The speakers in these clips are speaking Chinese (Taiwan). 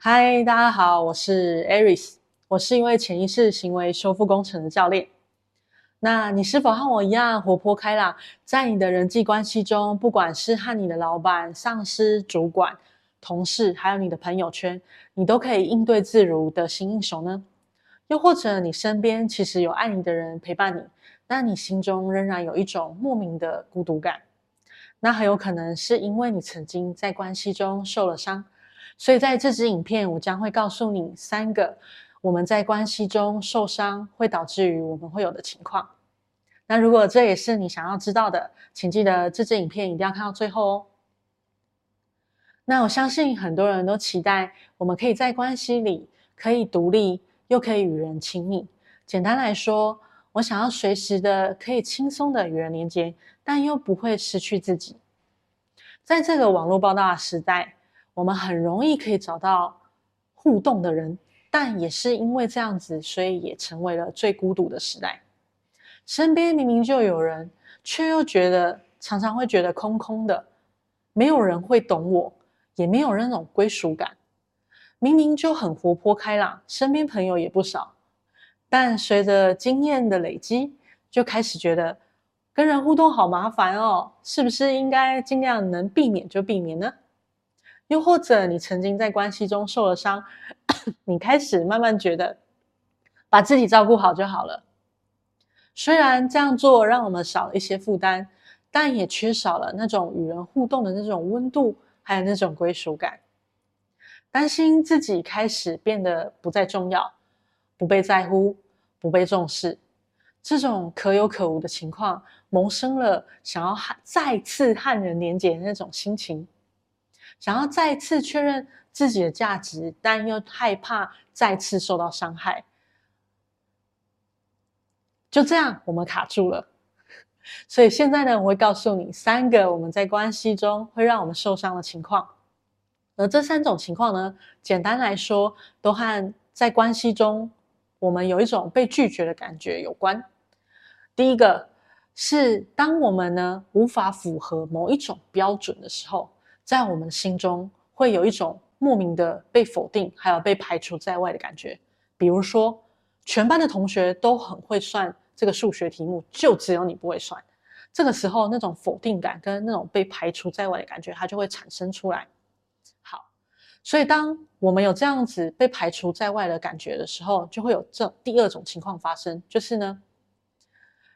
嗨，大家好，我是 Aris，我是一位潛意識行為修復工程的教練。那你是否和我一樣活潑開朗？在你的人際關係中，不管是和你的老闆、上司、主管、同事，還有你的朋友圈，你都可以應對自如的得心應手呢？又或者你身邊其實有愛你的人陪伴你，那你心中仍然有一種莫名的孤獨感？那很有可能是因為你曾經在關係中受了傷。所以，在這支影片，我將會告訴你三個我們在關係中受傷會導致於我們會有的情況。那如果這也是你想要知道的，請記得這支影片一定要看到最後哦。那我相信很多人都期待我們可以在關係裡可以獨立，又可以與人親密。簡單來說，我想要隨時的可以輕鬆的與人連接，但又不會失去自己。在這個網絡爆炸的時代，我們很容易可以找到互動的人，但也是因為這樣子，所以也成為了最孤獨的時代。身邊明明就有人，卻又覺得常常會覺得空空的，沒有人會懂我，也沒有那種歸屬感。明明就很活潑開朗，身邊朋友也不少，但隨着經驗的累積，就開始覺得跟人互動好麻煩哦，是不是應該儘量能避免就避免呢？又或者，你曾經在關係中受了傷， 你開始慢慢覺得，把自己照顧好就好了。雖然這樣做讓我們少了一些負擔，但也缺少了那種與人互動的那種溫度，還有那種歸屬感。擔心自己開始變得不再重要，不被在乎，不被重視，這種可有可無的情況，萌生了想要喊再次和人連接的那種心情。想要再次確認自己的價值，但又害怕再次受到傷害，就這樣，我們卡住了。所以現在呢，我會告訴你三個我們在關係中會讓我們受傷的情況，而這三種情況呢，簡單來說都和在關係中我們有一種被拒絕的感覺有關。第一個是當我們呢無法符合某一種標準的時候。在我們心中會有一種莫名的被否定，還有被排除在外的感覺。比如說，全班的同學都很會算這個數學題目，就只有你不會算。這個時候，那種否定感跟那種被排除在外的感覺，它就會產生出來。好，所以當我們有這樣子被排除在外的感覺的時候，就會有這第二種情況發生，就是呢，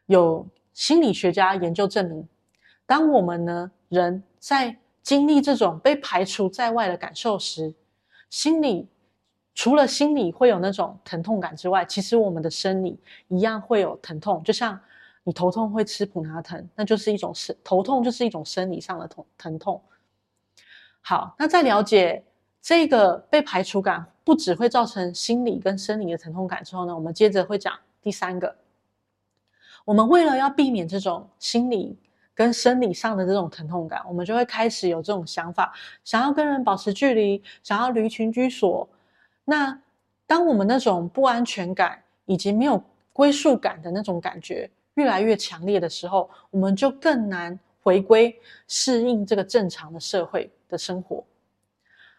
有心理學家研究證明，當我們呢人在經歷這種被排除在外的感受時，心裡除了心裡會有那種疼痛感之外，其實我們的生理一樣會有疼痛。就像你頭痛會吃普拿疼，那就是一種生頭痛，就是一種生理上的痛疼，疼痛。好，那在了解這個被排除感不只會造成心理跟生理的疼痛感之後呢，我們接着會講第三個。我們為了要避免這種心理，跟生理上的這種疼痛感，我們就會開始有這種想法，想要跟人保持距離，想要離群居所。那當我們那種不安全感以及沒有歸屬感的那種感覺越來越強烈的時候，我們就更難回歸適應這個正常的社會的生活。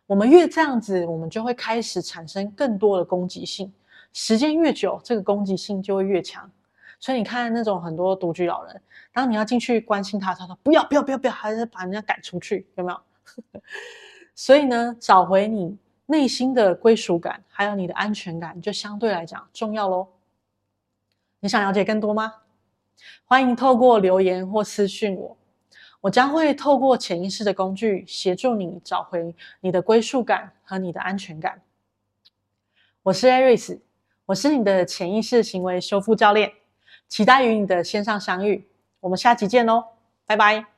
我們越這樣子，我們就會開始產生更多的攻擊性。時間越久，這個攻擊性就會越強。所以你看，那種很多獨居老人，然後，你要進去關心他，他說，不要不要不要不要，還是把人家趕出去，有沒有？ 所以呢，找回你內心的歸屬感，還有你的安全感，就相對來講重要嘍。你想了解更多嗎？歡迎透過留言或私訊我，我將會透過潛意識的工具協助你找回你的歸屬感和你的安全感。我是艾瑞斯，我是你的潛意識行為修復教練。期待與你的線上相遇，我們下集見嘍，哦，拜拜。